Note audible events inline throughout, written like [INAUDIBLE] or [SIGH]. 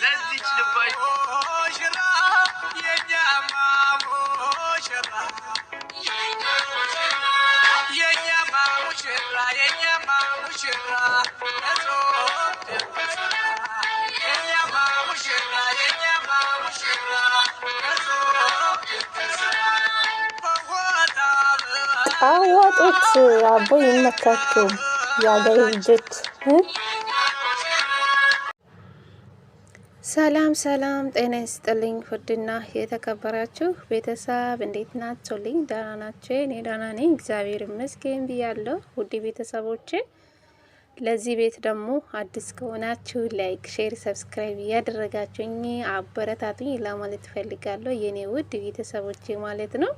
ለዚች ልባሽ የኛማ ሙሽራ ጡት አቦ ይመካችሁ ያገኝ ልጅት ሰላም ሰላም፣ ጤና ይስጥልኝ። ፍድና የተከበራችሁ ቤተሰብ እንዴት ናችሁልኝ? ደህና ናችሁ? እኔ ደህና ነኝ፣ እግዚአብሔር ይመስገን ብያለሁ። ውድ ቤተሰቦቼ፣ ለዚህ ቤት ደግሞ አዲስ ከሆናችሁ ላይክ፣ ሼር፣ ሰብስክራይብ እያደረጋችሁኝ አበረታቱኝ ለማለት ፈልጋለሁ የኔ ውድ ቤተሰቦቼ ማለት ነው።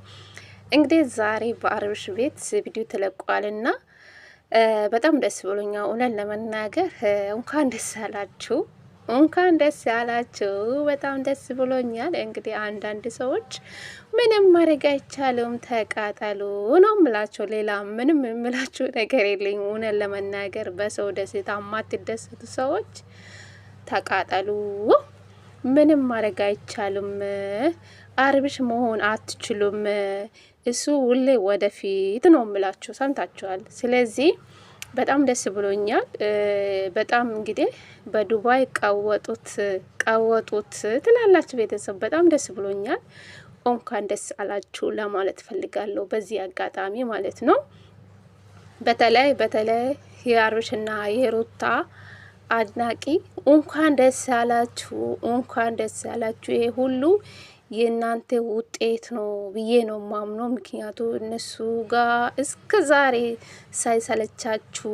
እንግዲህ ዛሬ በአብርሽ ቤት ቪዲዮ ተለቋልና በጣም ደስ ብሎኛ። እውነት ለመናገር እንኳን ደስ አላችሁ፣ እንኳን ደስ ያላችሁ። በጣም ደስ ብሎኛል። እንግዲህ አንዳንድ ሰዎች ምንም ማድረግ አይቻልም ተቃጠሉ ነው ምላቸው። ሌላ ምንም የምላችሁ ነገር የለኝ። እውነት ለመናገር በሰው ደስታ የማትደሰቱ ሰዎች ተቃጠሉ፣ ምንም ማድረግ አይቻልም። አብርሽ መሆን አትችሉም። እሱ ሁሌ ወደፊት ነው የምላችሁ፣ ሰምታችኋል። ስለዚህ በጣም ደስ ብሎኛል። በጣም እንግዲህ በዱባይ ቀወጡት ቀወጡት ትላላችሁ ቤተሰብ፣ በጣም ደስ ብሎኛል። እንኳን ደስ አላችሁ ለማለት ፈልጋለሁ በዚህ አጋጣሚ ማለት ነው። በተለይ በተለይ የአብርሽና የሩታ አድናቂ እንኳን ደስ አላችሁ፣ እንኳን ደስ አላችሁ። ይሄ ሁሉ የእናንተ ውጤት ነው ብዬ ነው ማምኖ። ምክንያቱ እነሱ ጋር እስከ ዛሬ ሳይሰለቻችሁ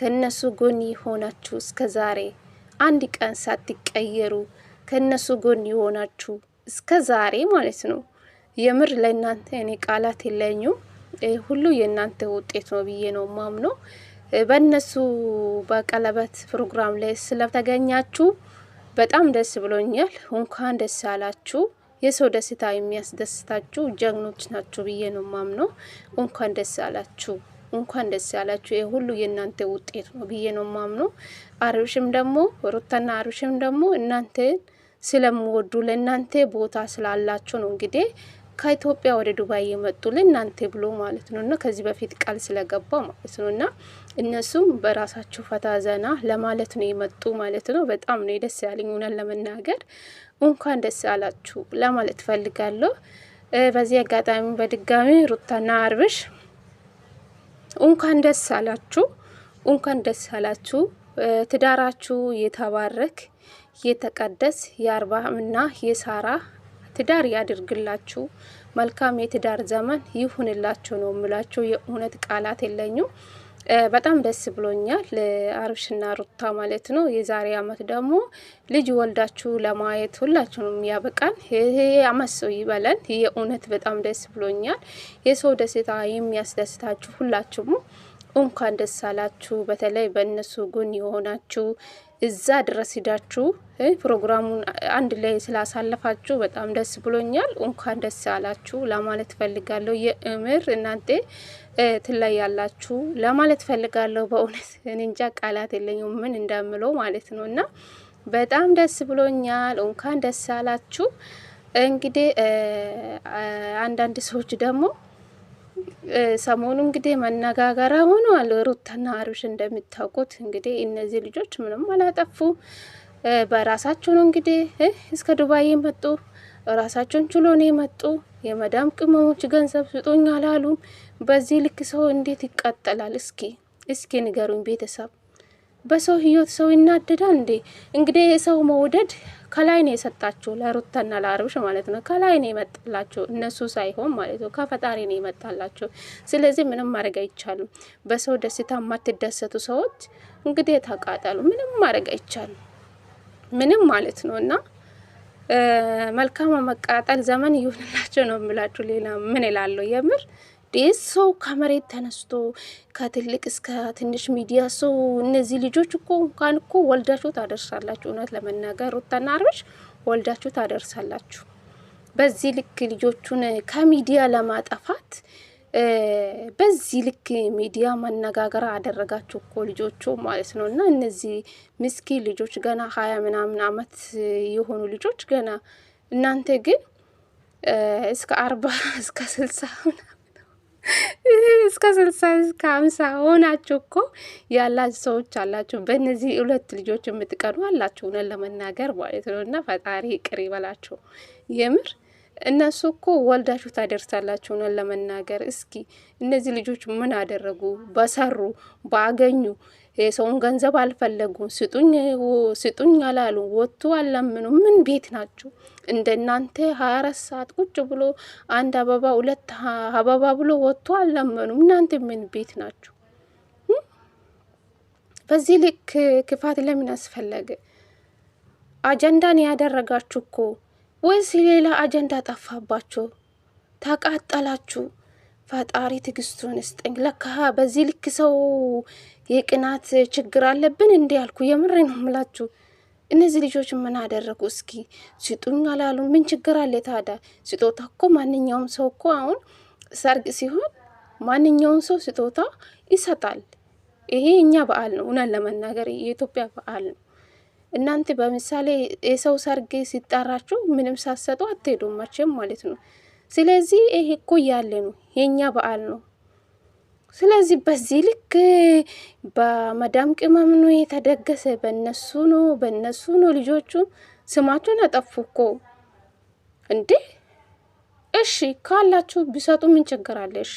ከእነሱ ጎን የሆናችሁ እስከ ዛሬ አንድ ቀን ሳትቀየሩ ከእነሱ ጎን የሆናችሁ እስከ ዛሬ ማለት ነው። የምር ለእናንተ እኔ ቃላት የለኝም። ሁሉ የእናንተ ውጤት ነው ብዬ ነው ማምኖ። በእነሱ በቀለበት ፕሮግራም ላይ ስለተገኛችሁ በጣም ደስ ብሎኛል። እንኳን ደስ አላችሁ። የሰው ደስታ የሚያስደስታችሁ ጀግኖች ናችሁ ብዬ ነው ማምነው። እንኳን ደስ አላችሁ፣ እንኳን ደስ አላችሁ። ይህ ሁሉ የእናንተ ውጤት ነው ብዬ ነው ማምነው። አብርሽም ደግሞ ሩታና አብርሽም ደግሞ እናንተ ስለምወዱ ለእናንተ ቦታ ስላላችሁ ነው እንግዲህ ከኢትዮጵያ ወደ ዱባይ የመጡ ለእናንተ ብሎ ማለት ነው እና ከዚህ በፊት ቃል ስለገባ ማለት ነው እና እነሱም በራሳቸው ፈታ ዘና ለማለት ነው የመጡ ማለት ነው። በጣም ነው ደስ ያለኝ እውነቱን ለመናገር እንኳን ደስ አላችሁ ለማለት ፈልጋለሁ። በዚህ አጋጣሚ በድጋሚ ሩታና አብርሽ እንኳን ደስ አላችሁ፣ እንኳን ደስ አላችሁ። ትዳራችሁ የተባረክ የተቀደስ የአብርሃምና የሳራ ትዳር ያድርግላችሁ። መልካም የትዳር ዘመን ይሁንላችሁ ነው የምላችሁ። የእውነት ቃላት የለኝም። በጣም ደስ ብሎኛል። አብርሽና ሩታ ማለት ነው። የዛሬ አመት ደግሞ ልጅ ወልዳችሁ ለማየት ሁላችሁንም ያበቃን። ይሄ አመት ሰው ይበለን። የእውነት በጣም ደስ ብሎኛል። የሰው ደስታ የሚያስደስታችሁ ሁላችሁም እንኳን ደስ አላችሁ። በተለይ በእነሱ ጎን የሆናችሁ እዛ ድረስ ሂዳችሁ ፕሮግራሙን አንድ ላይ ስላሳለፋችሁ በጣም ደስ ብሎኛል። እንኳን ደስ አላችሁ ለማለት ፈልጋለሁ። የእምር እናንተ ትለያላችሁ ለማለት ፈልጋለሁ። በእውነት እንጃ ቃላት የለኝም ምን እንዳምለው ማለት ነው። እና በጣም ደስ ብሎኛል። እንኳን ደስ አላችሁ። እንግዲህ አንዳንድ ሰዎች ደግሞ ሰሞኑ እንግዲህ መነጋገራ አለ ሩታና አብርሽ እንደሚታውቁት እንግዲህ እነዚህ ልጆች ምንም አላጠፉ፣ በራሳቸው ነው እንግዲህ እስከ ዱባይ የመጡ ራሳቸውን ችሎን የመጡ የመዳም ቅመሞች ገንዘብ ስጡኝ አላሉም። በዚህ ልክ ሰው እንዴት ይቀጠላል? እስኪ እስኪ ንገሩኝ ቤተሰብ በሰው ህይወት ሰው ይናደዳል እንዴ? እንግዲህ የሰው መውደድ ከላይ ነው የሰጣችሁ ለሩታና ለአብርሽ ማለት ነው። ከላይ ነው የመጣላቸው እነሱ ሳይሆን ማለት ነው፣ ከፈጣሪ ነው የመጣላቸው። ስለዚህ ምንም ማድረግ አይቻልም። በሰው ደስታ የማትደሰቱ ሰዎች እንግዲህ ተቃጠሉ። ምንም ማድረግ አይቻልም። ምንም ማለት ነው እና መልካም መቃጠል ዘመን ይሁንላቸው ነው የምላችሁ። ሌላ ምን ይላለሁ የምር እንዴት ሰው ከመሬት ተነስቶ ከትልቅ እስከ ትንሽ ሚዲያ ሰው እነዚህ ልጆች እኮ እንኳን እኮ ወልዳችሁ ታደርሳላችሁ። እውነት ለመናገር ሩታና አብርሽ ወልዳችሁ ታደርሳላችሁ። በዚህ ልክ ልጆቹን ከሚዲያ ለማጠፋት በዚህ ልክ ሚዲያ መነጋገር አደረጋቸው እኮ ልጆቹ ማለት ነው። እና እነዚህ ምስኪን ልጆች ገና ሀያ ምናምን አመት የሆኑ ልጆች ገና እናንተ ግን እስከ አርባ እስከ ስልሳ እስከ ስልሳ እስከ ሀምሳ ሆናችሁ እኮ ያላችሁ ሰዎች አላችሁ። በእነዚህ ሁለት ልጆች የምትቀኑ አላችሁ፣ እውነት ለመናገር ማለት ነው። እና ፈጣሪ ቅር ይበላችሁ የምር እነሱ እኮ ወልዳችሁ ታደርሳላችሁ። ነን ለመናገር እስኪ እነዚህ ልጆች ምን አደረጉ? በሰሩ ባገኙ የሰውን ገንዘብ አልፈለጉ፣ ስጡኝ አላሉ፣ ወጥቶ አላምኑ። ምን ቤት ናቸው? እንደናንተ ሀያ አራት ሰዓት ቁጭ ብሎ አንድ አበባ ሁለት አበባ ብሎ ወጥቶ አላመኑ። እናንተ ምን ቤት ናቸው? በዚህ ልክ ክፋት ለምን አስፈለገ? አጀንዳን ያደረጋችሁ እኮ ወይስ ሌላ አጀንዳ ጠፋባቸው? ተቃጠላችሁ? ፈጣሪ ትግስቱን ስጠኝ። ለካ በዚህ ልክ ሰው የቅናት ችግር አለብን እንዲህ አልኩ የምሬ ነው ምላችሁ። እነዚህ ልጆች ምን አደረጉ? እስኪ ስጡኝ አላሉ። ምን ችግር አለ ታዳ? ስጦታ እኮ ማንኛውም ሰው እኮ አሁን ሰርግ ሲሆን ማንኛውም ሰው ስጦታ ይሰጣል። ይሄ እኛ በዓል ነው፣ እውነን ለመናገር የኢትዮጵያ በዓል ነው። እናንተ በምሳሌ የሰው ሰርግ ሲጣራችሁ ምንም ሳሰጡ አትሄዱም መቼም ማለት ነው። ስለዚህ ይሄ እኮ ያለ ነው የኛ በዓል ነው። ስለዚህ በዚህ ልክ በመዳም ቅመም ነው የተደገሰ፣ በነሱ ነው በነሱ ነው። ልጆቹ ስማቸውን አጠፉ እኮ እንዴ! እሺ ካላችሁ ቢሰጡ ምን ችግር አለ? እሺ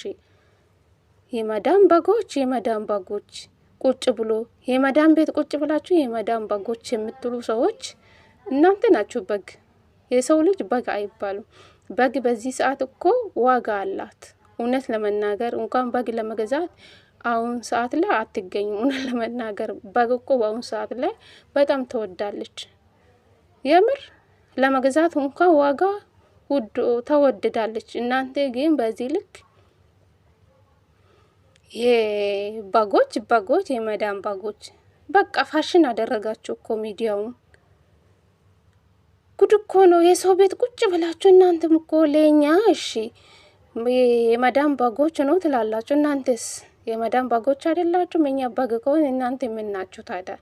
የመዳም በጎች የመዳም በጎች ቁጭ ብሎ የመዳም ቤት ቁጭ ብላችሁ የመዳም በጎች የምትሉ ሰዎች እናንተ ናችሁ በግ። የሰው ልጅ በግ አይባሉም። በግ በዚህ ሰዓት እኮ ዋጋ አላት። እውነት ለመናገር እንኳን በግ ለመገዛት አሁን ሰዓት ላይ አትገኙም። እውነት ለመናገር በግ እኮ በአሁን ሰዓት ላይ በጣም ተወዳለች። የምር ለመግዛት እንኳን ዋጋ ውድ ተወድዳለች። እናንተ ግን በዚህ ልክ የበጎች በጎች የመዳን በጎች በቃ ፋሽን አደረጋችሁ እኮ ሚዲያውን። ጉድ እኮ ነው የሰው ቤት ቁጭ ብላችሁ እናንተም እኮ ለኛ እሺ የመዳን በጎች ነው ትላላችሁ። እናንተስ የመዳም በጎች አይደላችሁም። እኛ በግ ከሆን እናንተ የምናችሁ ታዲያ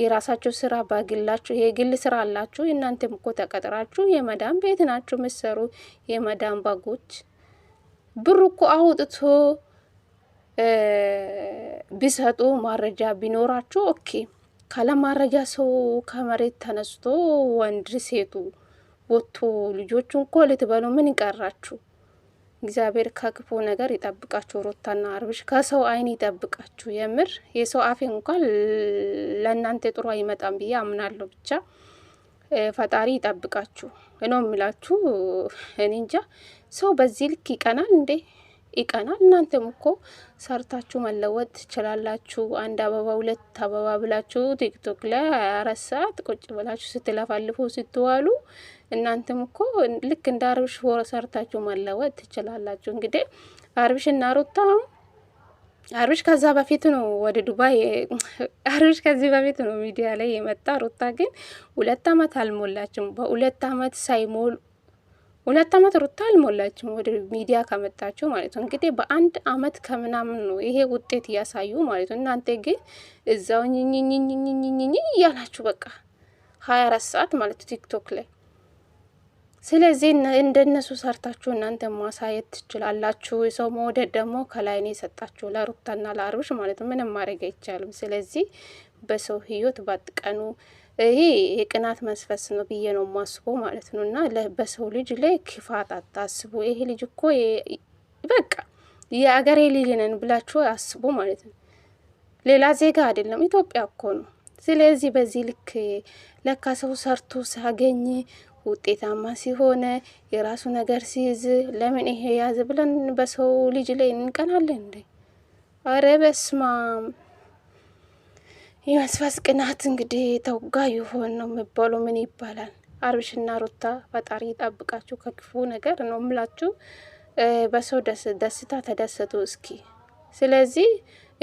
የራሳችሁ ስራ ባግላችሁ የግል ስራ አላችሁ። እናንተም እኮ ተቀጥራችሁ የመዳን ቤት ናችሁ ምሰሩ የመዳን በጎች ብሩ እኮ አውጥቶ ቢሰጡ ማረጃ ቢኖራችሁ ኦኬ። ካለማረጃ ሰው ከመሬት ተነስቶ ወንድ ሴቱ ወጥቶ ልጆቹ እኮ ልትበሉ ምን ይቀራችሁ? እግዚአብሔር ከክፉ ነገር ይጠብቃችሁ። ሩታና አብርሽ ከሰው አይን ይጠብቃችሁ። የምር የሰው አፌ እንኳን ለእናንተ ጥሩ አይመጣም ብዬ አምናለሁ። ብቻ ፈጣሪ ይጠብቃችሁ ነው የምላችሁ። እኔ እንጃ ሰው በዚህ ልክ ይቀናል እንዴ? ይቀናል። እናንተም እኮ ሰርታችሁ መለወጥ ትችላላችሁ። አንድ አበባ ሁለት አበባ ብላችሁ ቲክቶክ ላይ ሀያ አራት ሰዓት ቁጭ ብላችሁ ስትለፋልፉ ስትዋሉ እናንተም እኮ ልክ እንደ አብርሽ ሰርታችሁ መለወጥ ትችላላችሁ። እንግዲህ አብርሽና ሩታ አብርሽ ከዛ በፊት ነው ወደ ዱባይ። [SNIFFS] አብርሽ ከዚህ በፊት ነው ሚዲያ ላይ የመጣ ሩታ ግን ሁለት አመት አልሞላችም። በሁለት አመት ሳይሞል ሁለት አመት ሩታ አልሞላችም ወደ ሚዲያ ከመጣችሁ ማለት ነው። እንግዲህ በአንድ አመት ከምናምን ነው ይሄ ውጤት እያሳዩ ማለት ነው። እናንተ ግን እዛው ኝኝኝኝኝኝኝ እያላችሁ በቃ ሀያ አራት ሰዓት ማለት ቲክቶክ ላይ ስለዚህ እንደነሱ ሰርታችሁ እናንተ ማሳየት ትችላላችሁ። የሰው መውደድ ደግሞ ከላይ ነው የሰጣችሁ ለሩታና ለአብርሽ ማለት ነው። ምንም ማድረግ አይቻልም። ስለዚህ በሰው ህይወት ባትቀኑ ይሄ የቅናት መስፈስ ነው ብዬ ነው የማስበው ማለት ነው። እና በሰው ልጅ ላይ ክፋት አታስቡ። ይሄ ልጅ እኮ በቃ የአገሬ ልጅ ነን ብላችሁ አስቡ ማለት ነው። ሌላ ዜጋ አይደለም፣ ኢትዮጵያ እኮ ነው። ስለዚህ በዚህ ልክ ለካ ሰው ሰርቶ ሳገኝ ውጤታማ ሲሆነ የራሱ ነገር ሲይዝ ለምን ይሄ ያዝ ብለን በሰው ልጅ ላይ እንቀናለን እንዴ? አረ በስማም የመስፈስ ቅናት እንግዲህ ተውጋ ይሆን ነው የሚባለው። ምን ይባላል? አብርሽና ሩታ ፈጣሪ ይጠብቃችሁ ከክፉ ነገር ነው ምላችሁ። በሰው ደስታ ተደሰቱ እስኪ። ስለዚህ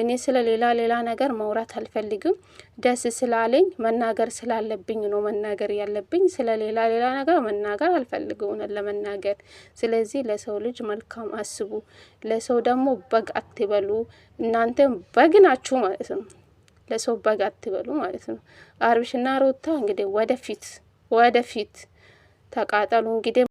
እኔ ስለ ሌላ ሌላ ነገር ማውራት አልፈልግም። ደስ ስላለኝ መናገር ስላለብኝ ነው መናገር ያለብኝ። ስለ ሌላ ሌላ ነገር መናገር አልፈልግም ለመናገር። ስለዚህ ለሰው ልጅ መልካም አስቡ፣ ለሰው ደግሞ በግ አትበሉ። እናንተም በግ ናችሁ ማለት ነው። ለሰው በግ አትበሉ ማለት ነው። አብርሽና ሩታ እንግዲህ ወደፊት ወደፊት ተቃጠሉ እንግዲህ